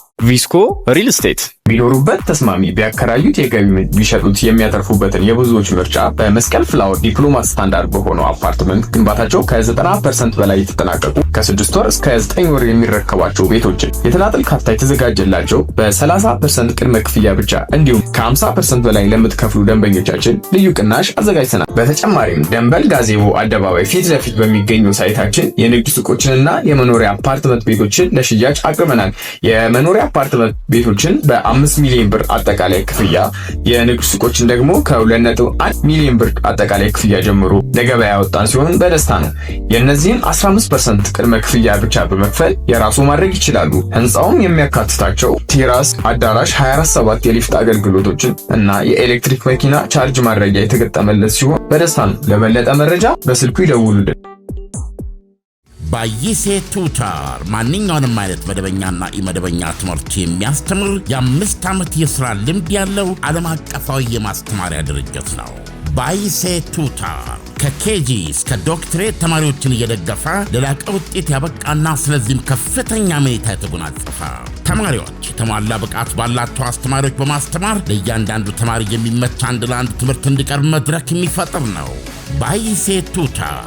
あ ቪስኮ ሪል ስቴት ቢኖሩበት ተስማሚ ቢያከራዩት የገቢ ቢሸጡት የሚያተርፉበትን የብዙዎች ምርጫ በመስቀል ፍላወር ዲፕሎማት ስታንዳርድ በሆነው አፓርትመንት ግንባታቸው ከ90 ፐርሰንት በላይ የተጠናቀቁ ከ6 ወር እስከ 9 ወር የሚረከቧቸው ቤቶችን የተናጠል ካፍታ የተዘጋጀላቸው በ30 ፐርሰንት ቅድመ ክፍያ ብቻ እንዲሁም ከ50 ፐርሰንት በላይ ለምትከፍሉ ደንበኞቻችን ልዩ ቅናሽ አዘጋጅተናል። በተጨማሪም ደንበል ጋዜቦ አደባባይ ፊት ለፊት በሚገኘው ሳይታችን የንግድ ሱቆችንና የመኖሪያ አፓርትመንት ቤቶችን ለሽያጭ አቅርበናል። የመኖሪያ አፓርትመንት ቤቶችን በ5 ሚሊዮን ብር አጠቃላይ ክፍያ የንግድ ሱቆችን ደግሞ ከ21 ሚሊዮን ብር አጠቃላይ ክፍያ ጀምሮ ለገበያ ያወጣን ሲሆን በደስታ ነው። የእነዚህን 15 ፐርሰንት ቅድመ ክፍያ ብቻ በመክፈል የራሱ ማድረግ ይችላሉ። ህንፃውም የሚያካትታቸው ቴራስ፣ አዳራሽ፣ 247 የሊፍት አገልግሎቶችን እና የኤሌክትሪክ መኪና ቻርጅ ማድረጊያ የተገጠመለት ሲሆን በደስታ ነው። ለበለጠ መረጃ በስልኩ ይደውሉልን። ባይሴ ቱተር ማንኛውንም አይነት መደበኛና ኢመደበኛ ትምህርት የሚያስተምር የአምስት ዓመት የሥራ ልምድ ያለው ዓለም አቀፋዊ የማስተማሪያ ድርጅት ነው። ባይሴ ቱተር ከኬጂ እስከ ዶክትሬት ተማሪዎችን እየደገፈ ለላቀ ውጤት ያበቃና ስለዚህም ከፍተኛ መኔታ የተጎናጸፈ ተማሪዎች የተሟላ ብቃት ባላቸው አስተማሪዎች በማስተማር ለእያንዳንዱ ተማሪ የሚመች አንድ ለአንድ ትምህርት እንዲቀርብ መድረክ የሚፈጥር ነው። ባይሴ ቱታር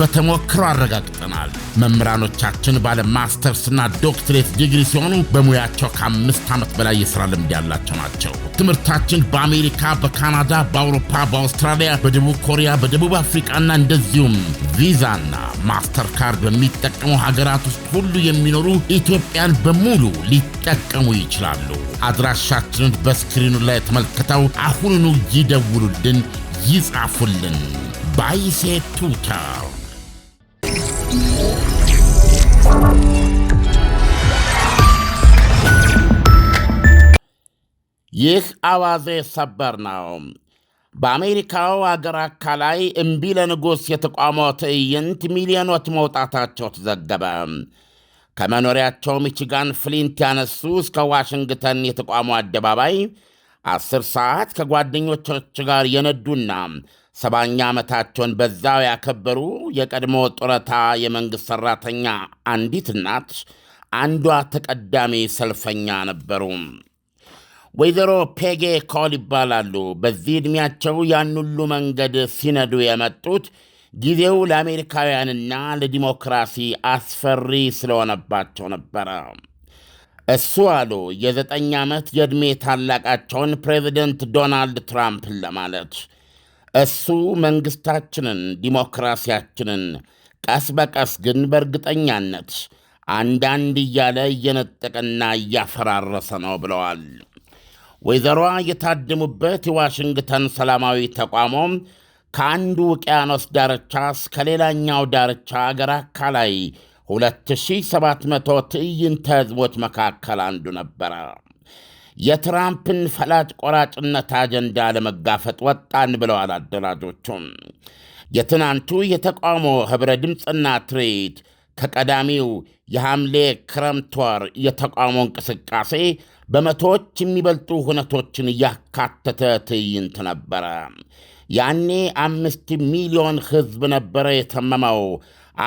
በተሞክሮ አረጋግጠናል። መምህራኖቻችን ባለ ማስተርስና ዶክትሬት ዲግሪ ሲሆኑ በሙያቸው ከአምስት ዓመት በላይ የሥራ ልምድ ያላቸው ናቸው። ትምህርታችን በአሜሪካ፣ በካናዳ፣ በአውሮፓ፣ በአውስትራሊያ፣ በደቡብ ኮሪያ፣ በደቡብ አፍሪቃና እንደዚሁም ቪዛና ማስተር ካርድ በሚጠቀሙ ሀገራት ውስጥ ሁሉ የሚኖሩ ኢትዮጵያን በሙሉ ሊጠቀሙ ይችላሉ። አድራሻችንን በስክሪኑ ላይ ተመልክተው አሁኑኑ ይደውሉልን፣ ይጻፉልን። ባይሴ ቱተር ይህ አዋዜ ሰበር ነው። በአሜሪካው አገር አካላይ እምቢ ለንጉሥ የተቋመው ትዕይንት ሚሊዮኖች መውጣታቸው ተዘገበ። ከመኖሪያቸው ሚችጋን ፍሊንት ያነሱ እስከ ዋሽንግተን የተቋሙ አደባባይ አስር ሰዓት ከጓደኞቻቸው ጋር የነዱና ሰባኛ ዓመታቸውን በዛው ያከበሩ የቀድሞ ጡረታ የመንግሥት ሠራተኛ አንዲት እናት አንዷ ተቀዳሚ ሰልፈኛ ነበሩ። ወይዘሮ ፔጌ ኮል ይባላሉ። በዚህ ዕድሜያቸው ያን ሁሉ መንገድ ሲነዱ የመጡት ጊዜው ለአሜሪካውያንና ለዲሞክራሲ አስፈሪ ስለሆነባቸው ነበረ። እሱ አሉ የዘጠኝ ዓመት የዕድሜ ታላቃቸውን ፕሬዚደንት ዶናልድ ትራምፕን ለማለት እሱ መንግሥታችንን፣ ዲሞክራሲያችንን ቀስ በቀስ ግን በእርግጠኛነት አንዳንድ እያለ እየነጠቀና እያፈራረሰ ነው ብለዋል። ወይዘሮዋ የታደሙበት የዋሽንግተን ሰላማዊ ተቋሞ ከአንዱ ውቅያኖስ ዳርቻ እስከ ሌላኛው ዳርቻ አገር አካላይ 2700 ትዕይንተ ሕዝቦች መካከል አንዱ ነበረ። የትራምፕን ፈላጭ ቆራጭነት አጀንዳ ለመጋፈጥ ወጣን ብለዋል አደራጆቹም። የትናንቱ የተቃውሞ ኅብረ ድምፅና ትርኢት ከቀዳሚው የሐምሌ ክረምት ወር የተቃውሞ እንቅስቃሴ በመቶዎች የሚበልጡ ሁነቶችን እያካተተ ትዕይንት ነበረ። ያኔ አምስት ሚሊዮን ሕዝብ ነበረ የተመመው።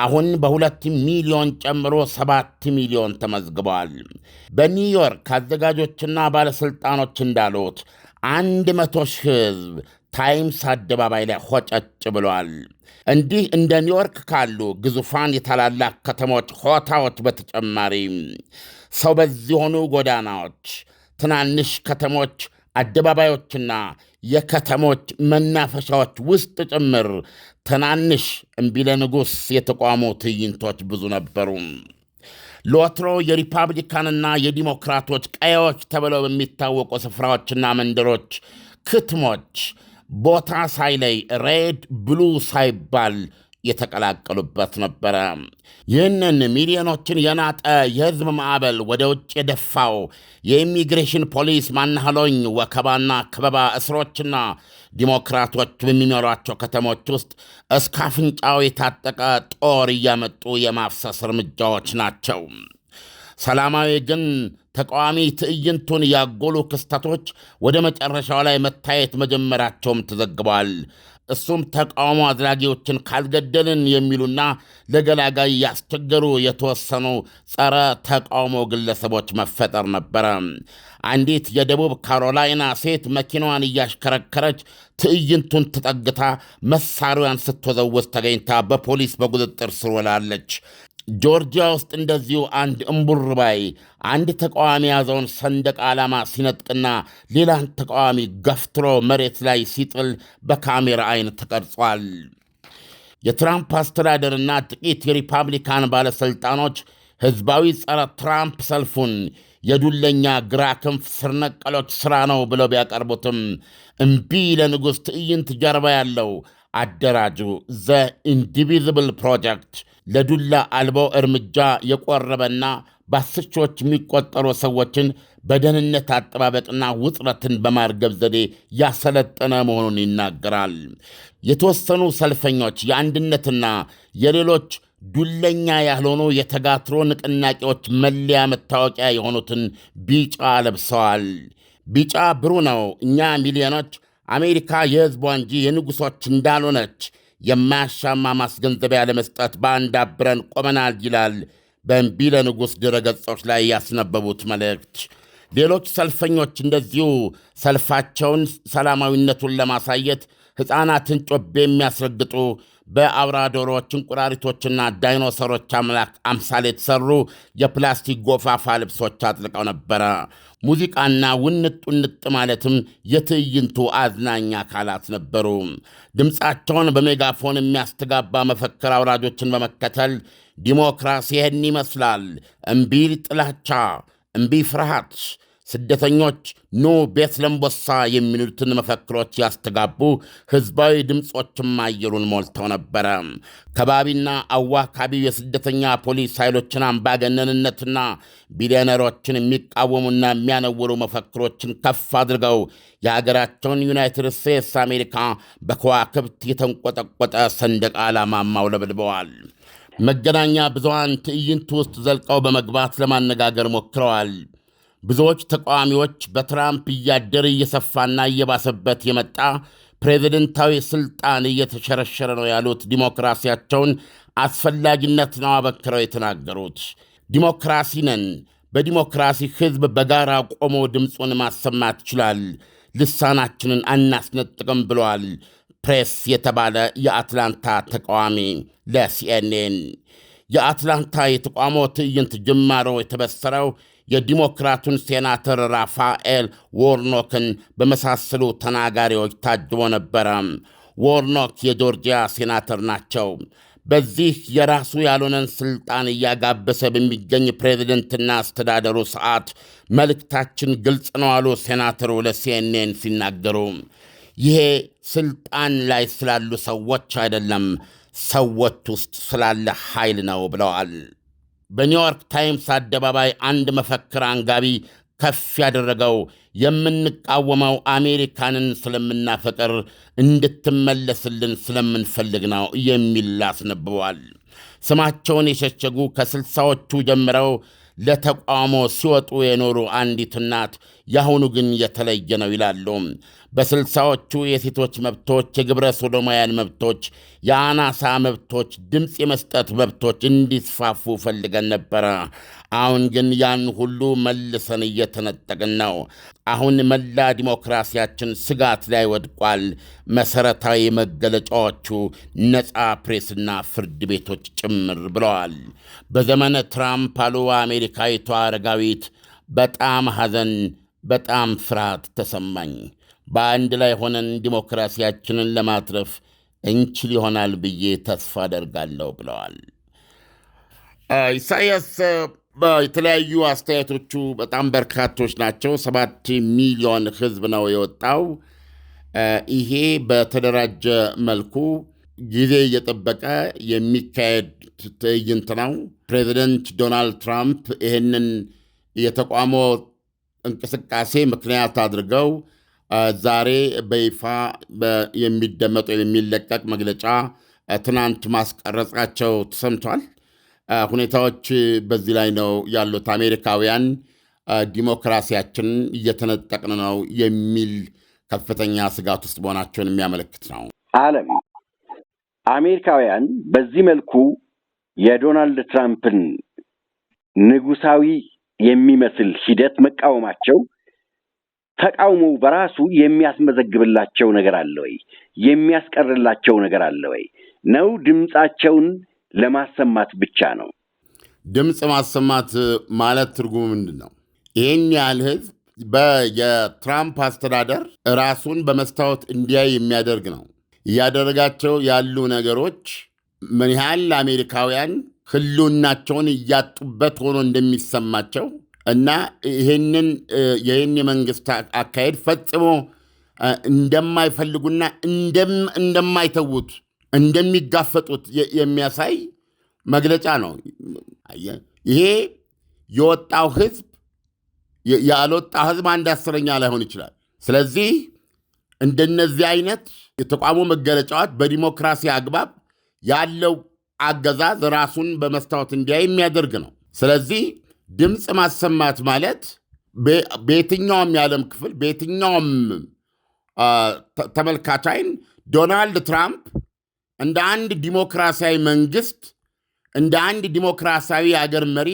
አሁን በሁለት ሚሊዮን ጨምሮ ሰባት ሚሊዮን ተመዝግበዋል። በኒውዮርክ አዘጋጆችና ባለሥልጣኖች እንዳሉት አንድ መቶ ሺህ ሕዝብ ታይምስ አደባባይ ላይ ሆጨጭ ብሏል። እንዲህ እንደ ኒውዮርክ ካሉ ግዙፋን የታላላቅ ከተሞች ሆታዎች በተጨማሪ ሰው ሆኑ ጎዳናዎች ትናንሽ ከተሞች አደባባዮችና የከተሞች መናፈሻዎች ውስጥ ጭምር ትናንሽ እምቢለ ንጉሥ የተቋሙ ትዕይንቶች ብዙ ነበሩ። ለወትሮ የሪፐብሊካንና የዲሞክራቶች ቀያዎች ተብለው በሚታወቁ ስፍራዎችና መንደሮች፣ ክትሞች ቦታ ሳይለይ ሬድ ብሉ ሳይባል የተቀላቀሉበት ነበረ። ይህንን ሚሊዮኖችን የናጠ የህዝብ ማዕበል ወደ ውጭ የደፋው የኢሚግሬሽን ፖሊስ ማናህሎኝ ወከባና ከበባ፣ እስሮችና ዲሞክራቶች በሚኖሯቸው ከተሞች ውስጥ እስከ አፍንጫው የታጠቀ ጦር እያመጡ የማፍሰስ እርምጃዎች ናቸው። ሰላማዊ ግን ተቃዋሚ ትዕይንቱን ያጎሉ ክስተቶች ወደ መጨረሻው ላይ መታየት መጀመራቸውም ተዘግቧል። እሱም ተቃውሞ አድራጊዎችን ካልገደልን የሚሉና ለገላጋይ ያስቸገሩ የተወሰኑ ጸረ ተቃውሞ ግለሰቦች መፈጠር ነበረ። አንዲት የደቡብ ካሮላይና ሴት መኪናዋን እያሽከረከረች ትዕይንቱን ተጠግታ መሳሪያን ስትወዘውዝ ተገኝታ በፖሊስ በቁጥጥር ስር ውላለች። ጆርጂያ ውስጥ እንደዚሁ አንድ እምቡርባይ አንድ ተቃዋሚ የያዘውን ሰንደቅ ዓላማ ሲነጥቅና ሌላን ተቃዋሚ ገፍትሮ መሬት ላይ ሲጥል በካሜራ አይን ተቀርጿል። የትራምፕ አስተዳደርና ጥቂት የሪፐብሊካን ባለሥልጣኖች ሕዝባዊ ጸረ ትራምፕ ሰልፉን የዱለኛ ግራ ክንፍ ስርነቀሎች ሥራ ነው ብለው ቢያቀርቡትም እምቢ ለንጉሥ ትዕይንት ጀርባ ያለው አደራጁ። ዘ ኢንዲቪዚብል ፕሮጀክት ለዱላ አልቦ እርምጃ የቆረበና በአስር ሺዎች የሚቆጠሩ ሰዎችን በደህንነት አጠባበቅና ውጥረትን በማርገብ ዘዴ ያሰለጠነ መሆኑን ይናገራል። የተወሰኑ ሰልፈኞች የአንድነትና የሌሎች ዱለኛ ያልሆኑ የተጋትሮ ንቅናቄዎች መለያ መታወቂያ የሆኑትን ቢጫ ለብሰዋል። ቢጫ ብሩ ነው፣ እኛ ሚሊዮኖች አሜሪካ የሕዝቧ እንጂ የንጉሶች እንዳልሆነች የማያሻማ ማስገንዘቢያ ለመስጠት በአንድ አብረን ቆመናል ይላል በእምቢ ለንጉሥ ድረ ገጾች ላይ ያስነበቡት መልእክት። ሌሎች ሰልፈኞች እንደዚሁ ሰልፋቸውን ሰላማዊነቱን ለማሳየት ሕፃናትን ጮቤ የሚያስረግጡ በአውራ ዶሮዎች እንቁራሪቶችና ዳይኖሰሮች አምላክ አምሳል የተሰሩ የፕላስቲክ ጎፋፋ ልብሶች አጥልቀው ነበረ። ሙዚቃና ውንጥ ውንጥ ማለትም የትዕይንቱ አዝናኝ አካላት ነበሩ። ድምፃቸውን በሜጋፎን የሚያስተጋባ መፈክር አውራጆችን በመከተል ዲሞክራሲ ይህን ይመስላል፣ እምቢ ጥላቻ፣ እምቢ ፍርሃት ስደተኞች ኑ ቤት ለምቦሳ የሚሉትን መፈክሮች ያስተጋቡ ሕዝባዊ ድምፆችም አየሩን ሞልተው ነበረ። ከባቢና አዋካቢው የስደተኛ ፖሊስ ኃይሎችን አምባገነንነትና ቢሊዮነሮችን የሚቃወሙና የሚያነውሩ መፈክሮችን ከፍ አድርገው የሀገራቸውን ዩናይትድ ስቴትስ አሜሪካ በከዋክብት የተንቆጠቆጠ ሰንደቅ ዓላማ አውለብልበዋል። መገናኛ ብዙሃን ትዕይንት ውስጥ ዘልቀው በመግባት ለማነጋገር ሞክረዋል። ብዙዎች ተቃዋሚዎች በትራምፕ እያደር እየሰፋና እየባሰበት የመጣ ፕሬዝደንታዊ ስልጣን እየተሸረሸረ ነው ያሉት ዲሞክራሲያቸውን አስፈላጊነት ነው አበክረው የተናገሩት። ዲሞክራሲ ነን፣ በዲሞክራሲ ሕዝብ በጋራ ቆሞ ድምፁን ማሰማት ይችላል፣ ልሳናችንን አናስነጥቅም ብለዋል ፕሬስ የተባለ የአትላንታ ተቃዋሚ ለሲኤንኤን። የአትላንታ የተቃውሞ ትዕይንት ጅማሮ የተበሰረው የዲሞክራቱን ሴናተር ራፋኤል ዎርኖክን በመሳሰሉ ተናጋሪዎች ታጅቦ ነበረ። ዎርኖክ የጆርጂያ ሴናተር ናቸው። በዚህ የራሱ ያልሆነን ስልጣን እያጋበሰ በሚገኝ ፕሬዝደንትና አስተዳደሩ ሰዓት መልእክታችን ግልጽ ነው አሉ ሴናተሩ ለሲኤንኤን ሲናገሩ። ይሄ ስልጣን ላይ ስላሉ ሰዎች አይደለም፣ ሰዎች ውስጥ ስላለ ኃይል ነው ብለዋል። በኒውዮርክ ታይምስ አደባባይ አንድ መፈክር አንጋቢ ከፍ ያደረገው የምንቃወመው አሜሪካንን ስለምናፈቅር እንድትመለስልን ስለምንፈልግ ነው የሚል አስነብቧል። ስማቸውን የሸሸጉ ከስልሳዎቹ ጀምረው ለተቃውሞ ሲወጡ የኖሩ አንዲት እናት የአሁኑ ግን የተለየ ነው ይላሉ። በስልሳዎቹ የሴቶች መብቶች፣ የግብረ ሶዶማውያን መብቶች፣ የአናሳ መብቶች፣ ድምፅ የመስጠት መብቶች እንዲስፋፉ ፈልገን ነበረ። አሁን ግን ያን ሁሉ መልሰን እየተነጠቅን ነው። አሁን መላ ዲሞክራሲያችን ስጋት ላይ ወድቋል። መሠረታዊ መገለጫዎቹ ነፃ ፕሬስና ፍርድ ቤቶች ጭምር ብለዋል። በዘመነ ትራምፕ አሉ አሜሪካዊቷ አረጋዊት በጣም ሐዘን በጣም ፍርሃት ተሰማኝ። በአንድ ላይ ሆነን ዲሞክራሲያችንን ለማትረፍ እንችል ይሆናል ብዬ ተስፋ አደርጋለሁ ብለዋል። ኢሳያስ የተለያዩ አስተያየቶቹ በጣም በርካቶች ናቸው። ሰባት ሚሊዮን ህዝብ ነው የወጣው። ይሄ በተደራጀ መልኩ ጊዜ እየጠበቀ የሚካሄድ ትዕይንት ነው። ፕሬዚደንት ዶናልድ ትራምፕ ይህንን የተቋሞ እንቅስቃሴ ምክንያት አድርገው ዛሬ በይፋ የሚደመጥ የሚለቀቅ መግለጫ ትናንት ማስቀረጻቸው ተሰምቷል። ሁኔታዎች በዚህ ላይ ነው ያሉት። አሜሪካውያን ዲሞክራሲያችን እየተነጠቅን ነው የሚል ከፍተኛ ስጋት ውስጥ መሆናቸውን የሚያመለክት ነው። ዓለም አሜሪካውያን በዚህ መልኩ የዶናልድ ትራምፕን ንጉሳዊ የሚመስል ሂደት መቃወማቸው ተቃውሞ በራሱ የሚያስመዘግብላቸው ነገር አለ ወይ? የሚያስቀርላቸው ነገር አለ ወይ? ነው ድምፃቸውን ለማሰማት ብቻ ነው? ድምፅ ማሰማት ማለት ትርጉሙ ምንድን ነው? ይህን ያህል ህዝብ የትራምፕ አስተዳደር ራሱን በመስታወት እንዲያይ የሚያደርግ ነው። እያደረጋቸው ያሉ ነገሮች ምን ያህል አሜሪካውያን ህልውናቸውን እያጡበት ሆኖ እንደሚሰማቸው እና ይህንን ይህን የመንግስት አካሄድ ፈጽሞ እንደማይፈልጉና እንደማይተዉት እንደሚጋፈጡት የሚያሳይ መግለጫ ነው። ይሄ የወጣው ህዝብ ያልወጣ ህዝብ አንድ አስረኛ ላይሆን ይችላል። ስለዚህ እንደነዚህ አይነት የተቋሙ መገለጫዎች በዲሞክራሲ አግባብ ያለው አገዛዝ ራሱን በመስታወት እንዲያይ የሚያደርግ ነው። ስለዚህ ድምፅ ማሰማት ማለት በየትኛውም የዓለም ክፍል በየትኛውም ተመልካች አይን ዶናልድ ትራምፕ እንደ አንድ ዲሞክራሲያዊ መንግስት፣ እንደ አንድ ዲሞክራሲያዊ አገር መሪ፣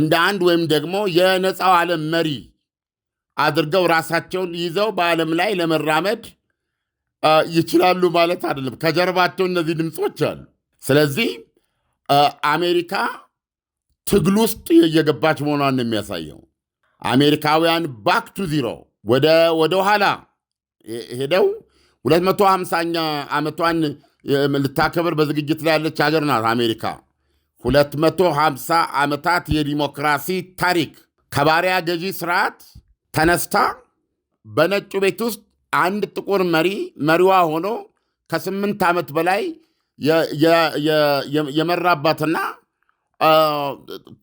እንደ አንድ ወይም ደግሞ የነፃው ዓለም መሪ አድርገው ራሳቸውን ይዘው በዓለም ላይ ለመራመድ ይችላሉ ማለት አይደለም። ከጀርባቸው እነዚህ ድምፆች አሉ። ስለዚህ አሜሪካ ትግል ውስጥ እየገባች መሆኗን የሚያሳየው አሜሪካውያን ባክ ቱ ዚሮ ወደ ኋላ ሄደው 250ኛ ዓመቷን ልታከብር በዝግጅት ላይ ያለች ሀገር ናት አሜሪካ። 250 ዓመታት የዲሞክራሲ ታሪክ ከባሪያ ገዢ ስርዓት ተነስታ በነጩ ቤት ውስጥ አንድ ጥቁር መሪ መሪዋ ሆኖ ከስምንት ዓመት በላይ የመራባትና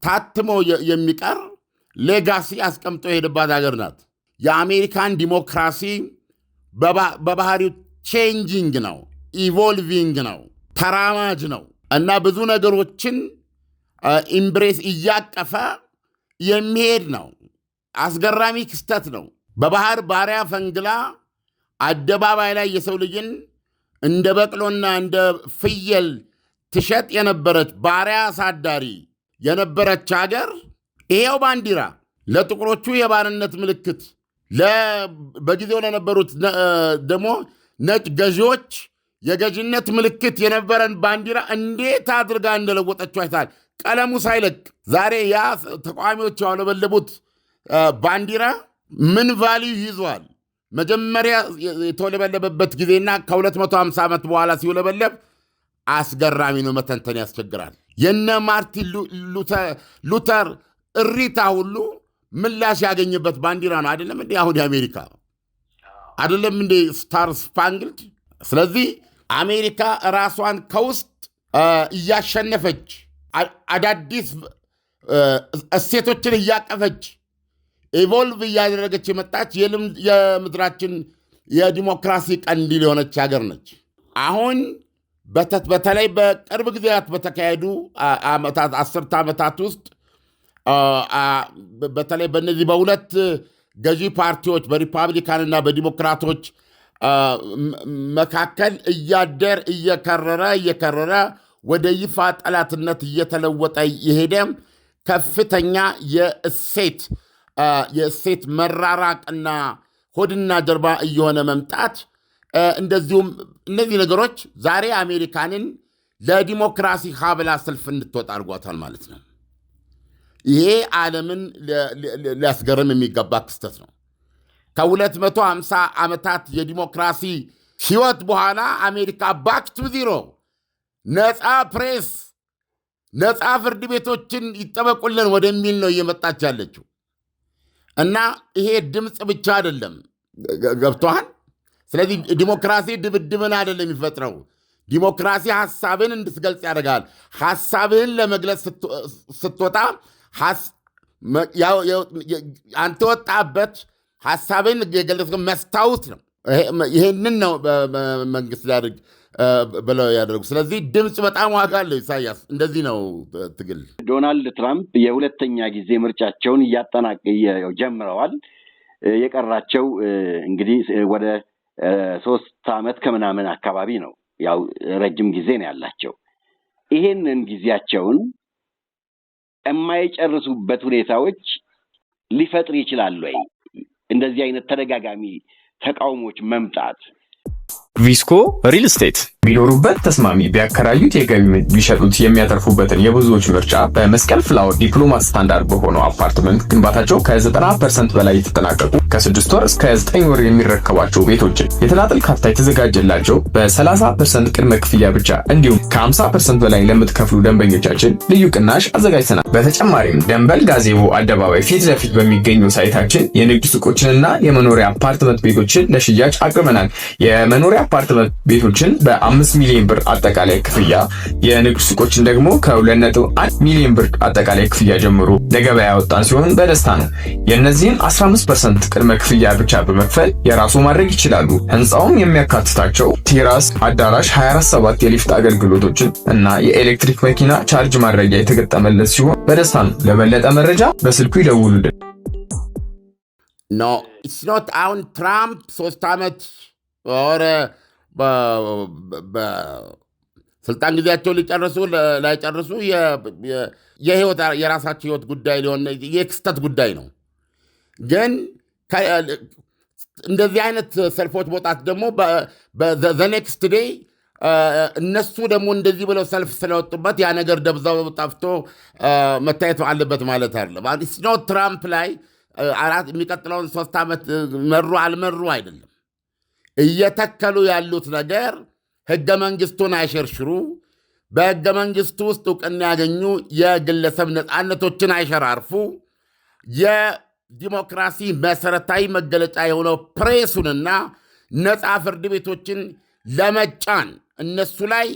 ታትሞ የሚቀር ሌጋሲ አስቀምጦ የሄደባት ሀገር ናት። የአሜሪካን ዲሞክራሲ በባህሪው ቼንጂንግ ነው፣ ኢቮልቪንግ ነው፣ ተራማጅ ነው እና ብዙ ነገሮችን ኢምብሬስ እያቀፈ የሚሄድ ነው። አስገራሚ ክስተት ነው። በባህር ባሪያ ፈንግላ አደባባይ ላይ የሰው ልጅን እንደ በቅሎና እንደ ፍየል ትሸጥ የነበረች ባሪያ አሳዳሪ የነበረች ሀገር ይሄው ባንዲራ ለጥቁሮቹ የባርነት ምልክት፣ በጊዜው ለነበሩት ደግሞ ነጭ ገዢዎች የገዥነት ምልክት የነበረን ባንዲራ እንዴት አድርጋ እንደለወጠችው አይታል። ቀለሙ ሳይለቅ ዛሬ ያ ተቃዋሚዎች ያውለበለቡት ባንዲራ ምን ቫልዩ ይዟል? መጀመሪያ የተወለበለበበት ጊዜና ከ250 ዓመት በኋላ ሲውለበለብ አስገራሚ ነው፣ መተንተን ያስቸግራል። የነ ማርቲን ሉተር እሪታ ሁሉ ምላሽ ያገኘበት ባንዲራ ነው። አይደለም እንዴ? አሁን የአሜሪካ አይደለም እንዴ? ስታር ስፓንግልድ። ስለዚህ አሜሪካ ራሷን ከውስጥ እያሸነፈች አዳዲስ እሴቶችን እያቀፈች ኢቮልቭ እያደረገች የመጣች የምድራችን የዲሞክራሲ ቀንዲል የሆነች ሀገር ነች። አሁን በተለይ በቅርብ ጊዜያት በተካሄዱ አስርተ ዓመታት ውስጥ በተለይ በነዚህ በሁለት ገዢ ፓርቲዎች በሪፓብሊካንና በዲሞክራቶች መካከል እያደር እየከረረ እየከረረ ወደ ይፋ ጠላትነት እየተለወጠ የሄደ ከፍተኛ የእሴት የእሴት መራራቅና ሆድና ጀርባ እየሆነ መምጣት፣ እንደዚሁም እነዚህ ነገሮች ዛሬ አሜሪካንን ለዲሞክራሲ ሀብላ ሰልፍ እንድትወጣ አድርጓታል ማለት ነው። ይሄ ዓለምን ሊያስገርም የሚገባ ክስተት ነው። ከ250 ዓመታት የዲሞክራሲ ሕይወት በኋላ አሜሪካ ባክ ቱ ዚሮ፣ ነፃ ፕሬስ፣ ነፃ ፍርድ ቤቶችን ይጠበቁልን ወደሚል ነው እየመጣች ያለችው። እና ይሄ ድምፅ ብቻ አይደለም። ገብቷል ስለዚህ ዲሞክራሲ ድብድብን አይደለም የሚፈጥረው። ዲሞክራሲ ሀሳብን እንድትገልጽ ያደርጋል። ሀሳብህን ለመግለጽ ስትወጣ አንተ ወጣበት ሀሳብን የገለጽ መስታወት ነው። ይህንን ነው መንግስት ሊያደርግ ብለው ያደረጉ። ስለዚህ ድምፅ በጣም ዋጋ አለው። ኢሳያስ፣ እንደዚህ ነው ትግል። ዶናልድ ትራምፕ የሁለተኛ ጊዜ ምርጫቸውን እያጠናቅ ጀምረዋል። የቀራቸው እንግዲህ ወደ ሶስት ዓመት ከምናምን አካባቢ ነው። ያው ረጅም ጊዜ ነው ያላቸው። ይሄንን ጊዜያቸውን የማይጨርሱበት ሁኔታዎች ሊፈጥር ይችላል ወይ? እንደዚህ አይነት ተደጋጋሚ ተቃውሞች መምጣት ቪስኮ ሪል ስቴት ቢኖሩበት ተስማሚ ቢያከራዩት የገቢ ቢሸጡት የሚያተርፉበትን የብዙዎች ምርጫ በመስቀል ፍላወር ዲፕሎማ ስታንዳርድ በሆነው አፓርትመንት ግንባታቸው ከ90 ፐርሰንት በላይ የተጠናቀቁ ከ6 ወር እስከ 9 ወር የሚረከቧቸው ቤቶችን የተናጠል ካርታ የተዘጋጀላቸው በ30 ፐርሰንት ቅድመ ክፍያ ብቻ እንዲሁም ከ50 ፐርሰንት በላይ ለምትከፍሉ ደንበኞቻችን ልዩ ቅናሽ አዘጋጅተናል። በተጨማሪም ደንበል ጋዜቦ አደባባይ ፊት ለፊት በሚገኙ ሳይታችን የንግድ ሱቆችንና የመኖሪያ አፓርትመንት ቤቶችን ለሽያጭ አቅርበናል። የመኖሪያ አፓርትመንት ቤቶችን በ5 ሚሊዮን ብር አጠቃላይ ክፍያ የንግድ ሱቆችን ደግሞ ከ21 ሚሊዮን ብር አጠቃላይ ክፍያ ጀምሮ ለገበያ ያወጣን ሲሆን በደስታ ነው። የእነዚህን 15 ፐርሰንት ቅድመ ክፍያ ብቻ በመክፈል የራሱ ማድረግ ይችላሉ። ህንፃውም የሚያካትታቸው ቴራስ፣ አዳራሽ፣ 247 የሊፍት አገልግሎቶችን እና የኤሌክትሪክ መኪና ቻርጅ ማድረጊያ የተገጠመለት ሲሆን በደስታ ነው። ለበለጠ መረጃ በስልኩ ይደውሉልን። ኖ ኢትስ ኖት አሁን ትራምፕ ሶስት ዓመት ኧረ ስልጣን ጊዜያቸው ሊጨርሱ ላይጨርሱ የህይወት የራሳቸው ህይወት ጉዳይ ሊሆን የክስተት ጉዳይ ነው። ግን እንደዚህ አይነት ሰልፎች መውጣት ደግሞ ዘኔክስት ዴይ እነሱ ደግሞ እንደዚህ ብለው ሰልፍ ስለወጡበት ያ ነገር ደብዛው ጠፍቶ መታየት አለበት ማለት አለ ስኖ ትራምፕ ላይ የሚቀጥለውን ሶስት ዓመት መሩ አልመሩ አይደለም እየተከሉ ያሉት ነገር ህገ መንግስቱን አይሸርሽሩ፣ በህገ መንግስቱ ውስጥ እውቅና ያገኙ የግለሰብ ነፃነቶችን አይሸራርፉ፣ የዲሞክራሲ መሰረታዊ መገለጫ የሆነው ፕሬሱንና ነፃ ፍርድ ቤቶችን ለመጫን እነሱ ላይ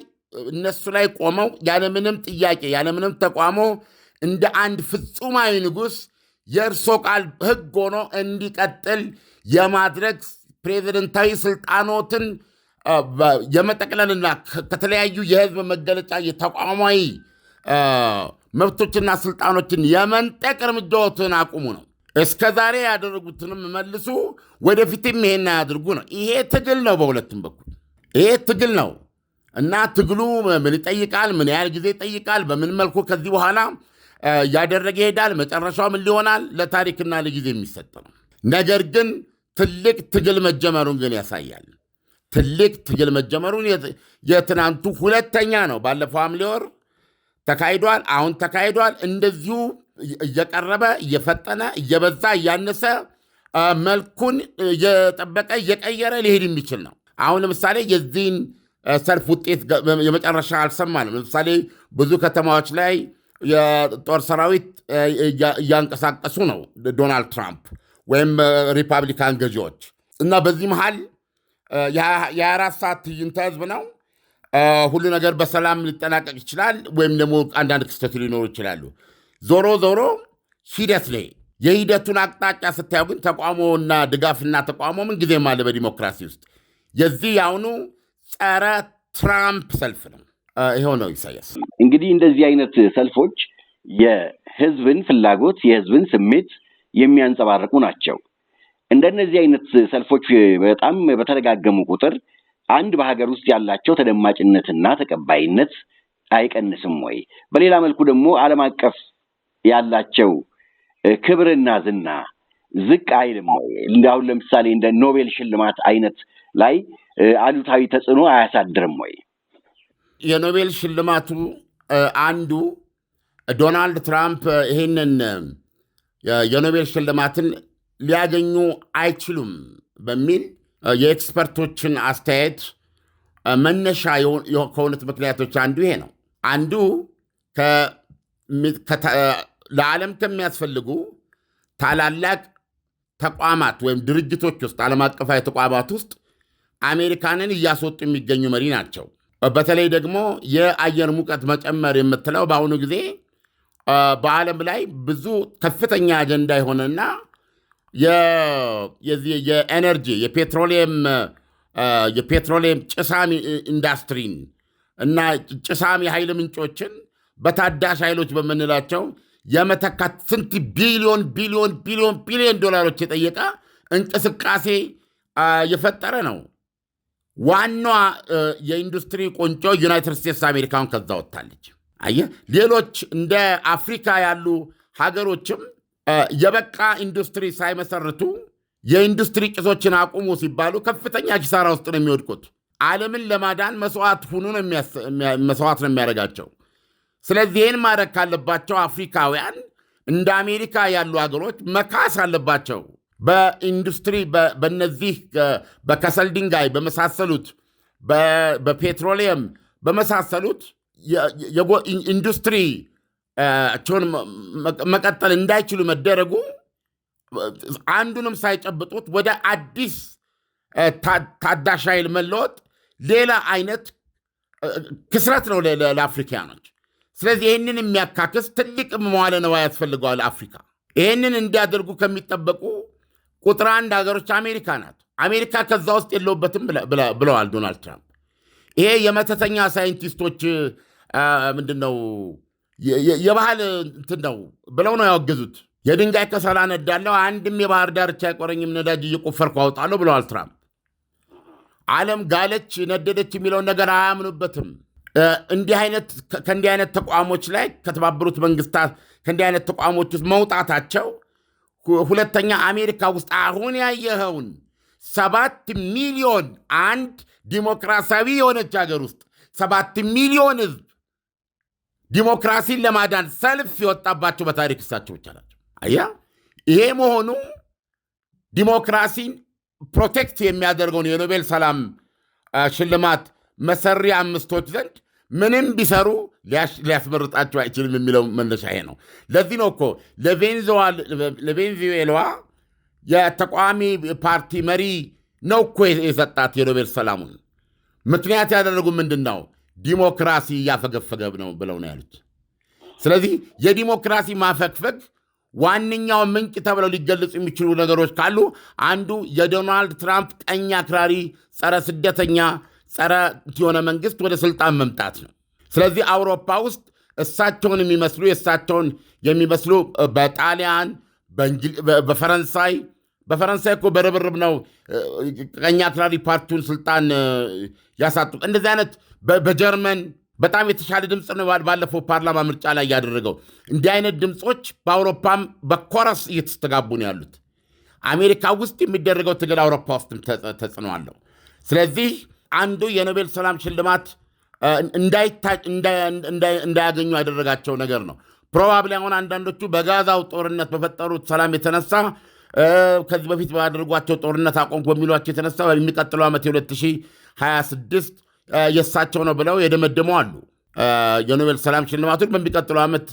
እነሱ ላይ ቆመው ያለምንም ጥያቄ ያለምንም ተቋሞ እንደ አንድ ፍጹማዊ ንጉሥ የእርሶ ቃል ህግ ሆኖ እንዲቀጥል የማድረግ ፕሬዚደንታዊ ስልጣኖትን የመጠቅለልና ከተለያዩ የህዝብ መገለጫ የተቋማዊ መብቶችና ስልጣኖችን የመንጠቅ እርምጃዎትን አቁሙ ነው። እስከ ዛሬ ያደረጉትንም መልሱ፣ ወደፊትም ይሄን ያድርጉ ነው። ይሄ ትግል ነው። በሁለቱም በኩል ይሄ ትግል ነው እና ትግሉ ምን ይጠይቃል? ምን ያህል ጊዜ ይጠይቃል? በምን መልኩ ከዚህ በኋላ ያደረገ ይሄዳል? መጨረሻው ምን ሊሆናል? ለታሪክና ለጊዜ የሚሰጥ ነው። ነገር ግን ትልቅ ትግል መጀመሩን ግን ያሳያል። ትልቅ ትግል መጀመሩን የትናንቱ ሁለተኛ ነው። ባለፈው ሐምሌ ወር ተካሂዷል። አሁን ተካሂዷል። እንደዚሁ እየቀረበ እየፈጠነ እየበዛ እያነሰ መልኩን እየጠበቀ እየቀየረ ሊሄድ የሚችል ነው። አሁን ለምሳሌ የዚህን ሰልፍ ውጤት የመጨረሻ አልሰማንም። ለምሳሌ ብዙ ከተማዎች ላይ የጦር ሰራዊት እያንቀሳቀሱ ነው ዶናልድ ትራምፕ ወይም ሪፐብሊካን ገዢዎች እና በዚህ መሃል የአራት ሰዓት ትዕይንተ ህዝብ ነው። ሁሉ ነገር በሰላም ሊጠናቀቅ ይችላል፣ ወይም ደግሞ አንዳንድ ክስተት ሊኖሩ ይችላሉ። ዞሮ ዞሮ ሂደት ላይ የሂደቱን አቅጣጫ ስታዩ ግን ተቋሞና ድጋፍና ተቋሞ ምን ጊዜም አለ በዲሞክራሲ ውስጥ። የዚህ የአሁኑ ጸረ ትራምፕ ሰልፍ ነው። ይኸው ነው ኢሳያስ። እንግዲህ እንደዚህ አይነት ሰልፎች የህዝብን ፍላጎት የህዝብን ስሜት የሚያንጸባርቁ ናቸው። እንደነዚህ አይነት ሰልፎች በጣም በተደጋገሙ ቁጥር አንድ በሀገር ውስጥ ያላቸው ተደማጭነትና ተቀባይነት አይቀንስም ወይ? በሌላ መልኩ ደግሞ ዓለም አቀፍ ያላቸው ክብርና ዝና ዝቅ አይልም ወይ? እንደ አሁን ለምሳሌ እንደ ኖቤል ሽልማት አይነት ላይ አሉታዊ ተጽዕኖ አያሳድርም ወይ? የኖቤል ሽልማቱ አንዱ ዶናልድ ትራምፕ ይህንን የኖቤል ሽልማትን ሊያገኙ አይችሉም በሚል የኤክስፐርቶችን አስተያየት መነሻ ከሆኑት ምክንያቶች አንዱ ይሄ ነው። አንዱ ለዓለም ከሚያስፈልጉ ታላላቅ ተቋማት ወይም ድርጅቶች ውስጥ ዓለም አቀፋዊ ተቋማት ውስጥ አሜሪካንን እያስወጡ የሚገኙ መሪ ናቸው። በተለይ ደግሞ የአየር ሙቀት መጨመር የምትለው በአሁኑ ጊዜ በዓለም ላይ ብዙ ከፍተኛ አጀንዳ የሆነና የኤነርጂ የፔትሮሊየም ጭሳሚ ኢንዳስትሪን እና ጭሳሚ ኃይል ምንጮችን በታዳሽ ኃይሎች በምንላቸው የመተካት ስንት ቢሊዮን ቢሊዮን ቢሊዮን ቢሊዮን ዶላሮች የጠየቀ እንቅስቃሴ የፈጠረ ነው። ዋናዋ የኢንዱስትሪ ቁንጮ ዩናይትድ ስቴትስ አሜሪካውን ከዛ ወጥታለች። አየህ ሌሎች እንደ አፍሪካ ያሉ ሀገሮችም የበቃ ኢንዱስትሪ ሳይመሰርቱ የኢንዱስትሪ ጭሶችን አቁሙ ሲባሉ ከፍተኛ ኪሳራ ውስጥ ነው የሚወድቁት። ዓለምን ለማዳን መስዋዕት ሁኑ ነው መስዋዕት ነው የሚያደርጋቸው። ስለዚህ ይህን ማድረግ ካለባቸው አፍሪካውያን እንደ አሜሪካ ያሉ ሀገሮች መካስ አለባቸው። በኢንዱስትሪ በነዚህ በከሰል ድንጋይ በመሳሰሉት በፔትሮሊየም በመሳሰሉት ኢንዱስትሪ ቸውን መቀጠል እንዳይችሉ መደረጉ አንዱንም ሳይጨብጡት ወደ አዲስ ታዳሽ ኃይል መለወጥ ሌላ አይነት ክስረት ነው ለአፍሪካኖች። ስለዚህ ይህንን የሚያካክስ ትልቅ መዋለ ንዋይ ያስፈልገዋል አፍሪካ። ይህንን እንዲያደርጉ ከሚጠበቁ ቁጥር አንድ ሀገሮች አሜሪካ ናት። አሜሪካ ከዛ ውስጥ የለውበትም ብለዋል ዶናልድ ትራምፕ። ይሄ የመተተኛ ሳይንቲስቶች ምንድን ነው የባህል እንትን ነው ብለው ነው ያወገዙት። የድንጋይ ከሰል አነዳለሁ፣ አንድም የባህር ዳርቻ አይቆረኝም፣ ነዳጅ እየቆፈርኩ አውጣለሁ ብለዋል ትራምፕ። ዓለም ጋለች ነደደች የሚለውን ነገር አያምኑበትም። እንዲህ አይነት ከእንዲህ አይነት ተቋሞች ላይ ከተባበሩት መንግስታት ከእንዲህ አይነት ተቋሞች ውስጥ መውጣታቸው ሁለተኛ አሜሪካ ውስጥ አሁን ያየኸውን ሰባት ሚሊዮን አንድ ዲሞክራሲያዊ የሆነች ሀገር ውስጥ ሰባት ሚሊዮን ህዝብ ዲሞክራሲን ለማዳን ሰልፍ የወጣባቸው በታሪክ እሳቸው ብቻ ናቸው። አያ ይሄ መሆኑ ዲሞክራሲን ፕሮቴክት የሚያደርገውን የኖቤል ሰላም ሽልማት መሰሪ አምስቶች ዘንድ ምንም ቢሰሩ ሊያስመርጣቸው አይችልም የሚለው መነሻ ይሄ ነው። ለዚህ ነው እኮ ለቬንዙዌላዋ የተቃዋሚ ፓርቲ መሪ ነው እኮ የሰጣት የኖቤል ሰላሙን። ምክንያት ያደረጉ ምንድን ነው? ዲሞክራሲ እያፈገፈገብ ነው ብለው ነው ያሉት። ስለዚህ የዲሞክራሲ ማፈግፈግ ዋነኛው ምንጭ ተብለው ሊገለጹ የሚችሉ ነገሮች ካሉ አንዱ የዶናልድ ትራምፕ ቀኝ አክራሪ ጸረ ስደተኛ ጸረ የሆነ መንግስት ወደ ስልጣን መምጣት ነው። ስለዚህ አውሮፓ ውስጥ እሳቸውን የሚመስሉ የእሳቸውን የሚመስሉ በጣሊያን በፈረንሳይ በፈረንሳይ እኮ በርብርብ ነው ቀኝ አክራሪ ፓርቲውን ስልጣን ያሳጡት። እንደዚህ አይነት በጀርመን በጣም የተሻለ ድምፅ ነው ባለፈው ፓርላማ ምርጫ ላይ ያደረገው። እንዲህ አይነት ድምፆች በአውሮፓም በኮረስ እየተስተጋቡ ነው ያሉት። አሜሪካ ውስጥ የሚደረገው ትግል አውሮፓ ውስጥም ተጽዕኖ አለው። ስለዚህ አንዱ የኖቤል ሰላም ሽልማት እንዳያገኙ ያደረጋቸው ነገር ነው። ፕሮባብሊ አሁን አንዳንዶቹ በጋዛው ጦርነት በፈጠሩት ሰላም የተነሳ ከዚህ በፊት ባደርጓቸው ጦርነት አቆምኩ በሚሏቸው የተነሳ በሚቀጥለው ዓመት 2026 የእሳቸው ነው ብለው የደመደሙ አሉ። የኖቤል ሰላም ሽልማቱን በሚቀጥለው ዓመት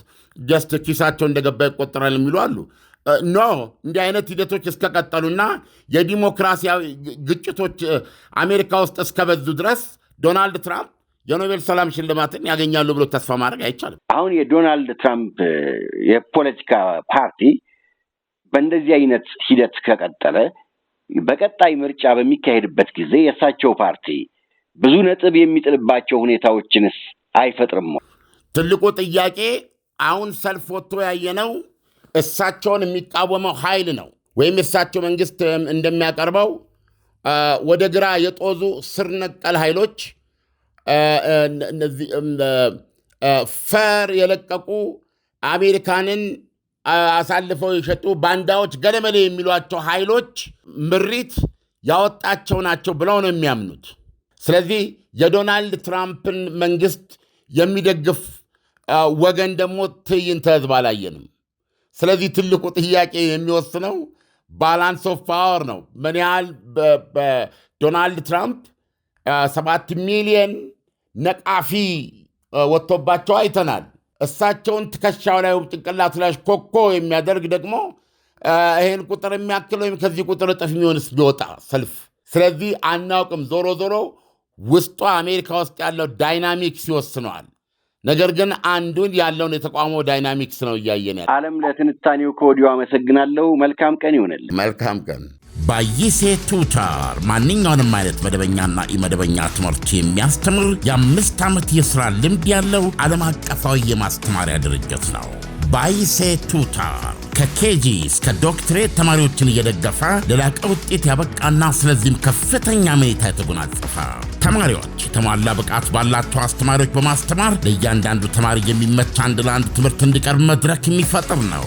ጀስት ኪሳቸው እንደገባ ይቆጠራል የሚሉ አሉ። ኖ እንዲህ አይነት ሂደቶች እስከቀጠሉና የዲሞክራሲያዊ ግጭቶች አሜሪካ ውስጥ እስከበዙ ድረስ ዶናልድ ትራምፕ የኖቤል ሰላም ሽልማትን ያገኛሉ ብሎ ተስፋ ማድረግ አይቻልም። አሁን የዶናልድ ትራምፕ የፖለቲካ ፓርቲ በእንደዚህ አይነት ሂደት ከቀጠለ በቀጣይ ምርጫ በሚካሄድበት ጊዜ የእሳቸው ፓርቲ ብዙ ነጥብ የሚጥልባቸው ሁኔታዎችንስ አይፈጥርም? ትልቁ ጥያቄ አሁን ሰልፍ ወጥቶ ያየነው እሳቸውን የሚቃወመው ኃይል ነው ወይም የእሳቸው መንግስት እንደሚያቀርበው ወደ ግራ የጦዙ ስር ነቀል ኃይሎች ፈር የለቀቁ አሜሪካንን አሳልፈው የሸጡ ባንዳዎች፣ ገለመሌ የሚሏቸው ኃይሎች ምሪት ያወጣቸው ናቸው ብለው ነው የሚያምኑት። ስለዚህ የዶናልድ ትራምፕን መንግስት የሚደግፍ ወገን ደግሞ ትዕይንተ ህዝብ አላየንም። ስለዚህ ትልቁ ጥያቄ የሚወስነው ባላንስ ኦፍ ፓወር ነው። ምን ያህል በዶናልድ ትራምፕ ሰባት ሚሊየን ነቃፊ ወጥቶባቸው አይተናል። እሳቸውን ትከሻው ላይ ጭንቅላቱ ላይ ኮኮ የሚያደርግ ደግሞ ይህን ቁጥር የሚያክል ወይም ከዚህ ቁጥር እጥፍ የሚሆንስ ቢወጣ ሰልፍ። ስለዚህ አናውቅም። ዞሮ ዞሮ ውስጡ አሜሪካ ውስጥ ያለው ዳይናሚክስ ይወስነዋል። ነገር ግን አንዱን ያለውን የተቋሞ ዳይናሚክስ ነው እያየን ያለ። አለም ለትንታኔው ከወዲሁ አመሰግናለሁ። መልካም ቀን ይሆንልን። መልካም ቀን ባይሴ ቱታር ማንኛውንም አይነት መደበኛና ኢመደበኛ ትምህርት የሚያስተምር የአምስት ዓመት የሥራ ልምድ ያለው ዓለም አቀፋዊ የማስተማሪያ ድርጅት ነው። ባይሴ ቱታር ከኬጂ እስከ ዶክትሬት ተማሪዎችን እየደገፈ ለላቀ ውጤት ያበቃና ስለዚህም ከፍተኛ መኔታ የተጎናጸፈ ተማሪዎች የተሟላ ብቃት ባላቸው አስተማሪዎች በማስተማር ለእያንዳንዱ ተማሪ የሚመች አንድ ለአንድ ትምህርት እንዲቀርብ መድረክ የሚፈጥር ነው።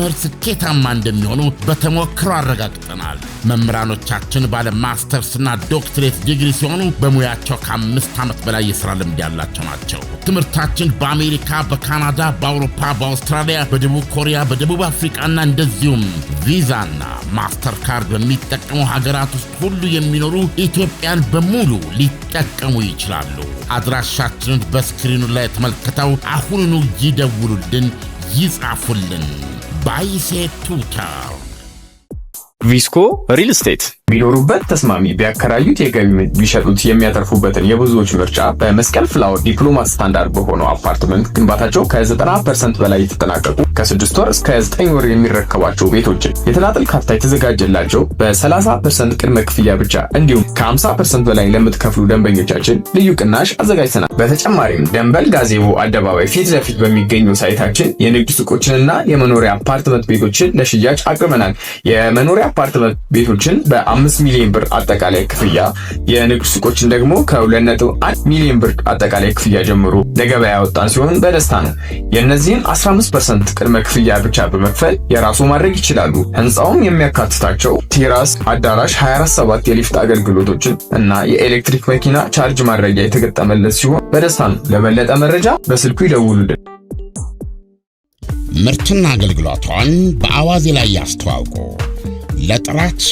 በትምህርት ስኬታማ እንደሚሆኑ በተሞክሮ አረጋግጠናል። መምህራኖቻችን ባለ ማስተርስና ዶክትሬት ዲግሪ ሲሆኑ በሙያቸው ከአምስት ዓመት በላይ የሥራ ልምድ ያላቸው ናቸው። ትምህርታችን በአሜሪካ፣ በካናዳ፣ በአውሮፓ፣ በአውስትራሊያ፣ በደቡብ ኮሪያ፣ በደቡብ አፍሪቃና እንደዚሁም ቪዛና ማስተር ካርድ በሚጠቀሙ ሀገራት ውስጥ ሁሉ የሚኖሩ ኢትዮጵያን በሙሉ ሊጠቀሙ ይችላሉ። አድራሻችንን በስክሪኑ ላይ ተመልክተው አሁኑኑ ይደውሉልን፣ ይጻፉልን። Bajse Total. ቪስኮ ሪል ስቴት ቢኖሩበት ተስማሚ ቢያከራዩት የገቢ ቢሸጡት የሚያተርፉበትን የብዙዎች ምርጫ በመስቀል ፍላወር ዲፕሎማ ስታንዳርድ በሆነው አፓርትመንት ግንባታቸው ከ90 ፐርሰንት በላይ የተጠናቀቁ ከ6 ወር እስከ 9 ወር የሚረከቧቸው ቤቶችን የተናጠል ካርታ የተዘጋጀላቸው በ30 ፐርሰንት ቅድመ ክፍያ ብቻ እንዲሁም ከ50 ፐርሰንት በላይ ለምትከፍሉ ደንበኞቻችን ልዩ ቅናሽ አዘጋጅተናል። በተጨማሪም ደንበል ጋዜቦ አደባባይ ፊት ለፊት በሚገኘው ሳይታችን የንግድ ሱቆችንና የመኖሪያ አፓርትመንት ቤቶችን ለሽያጭ አቅርበናል። የመኖሪያ የአፓርትመንት ቤቶችን በ5 ሚሊዮን ብር አጠቃላይ ክፍያ የንግድ ሱቆችን ደግሞ ከ21 ሚሊዮን ብር አጠቃላይ ክፍያ ጀምሮ ለገበያ ያወጣን ሲሆን በደስታ ነው። የእነዚህን 15 ፐርሰንት ቅድመ ክፍያ ብቻ በመክፈል የራሱ ማድረግ ይችላሉ። ህንፃውም የሚያካትታቸው ቴራስ፣ አዳራሽ፣ 247 የሊፍት አገልግሎቶችን እና የኤሌክትሪክ መኪና ቻርጅ ማድረጊያ የተገጠመለት ሲሆን በደስታ ነው። ለበለጠ መረጃ በስልኩ ይደውሉልን። ምርትና አገልግሎቷን በአዋዜ ላይ ያስተዋውቁ። ለጥራች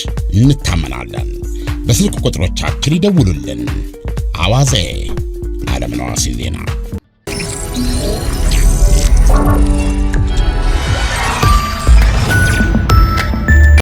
እንታመናለን። በስልክ ቁጥሮቻችን ይደውሉልን። አዋዜ ዓለምነህ ዋሴ ዜና